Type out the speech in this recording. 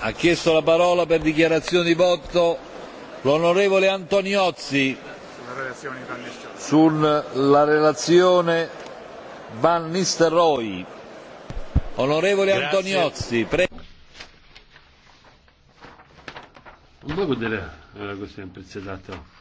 ha chiesto la parola per dichiarazione di voto l'onorevole Antoniozzi sulla relazione Van Nistelrooy. Onorevole Antoniozzi, prego. Благодаря, господин председател.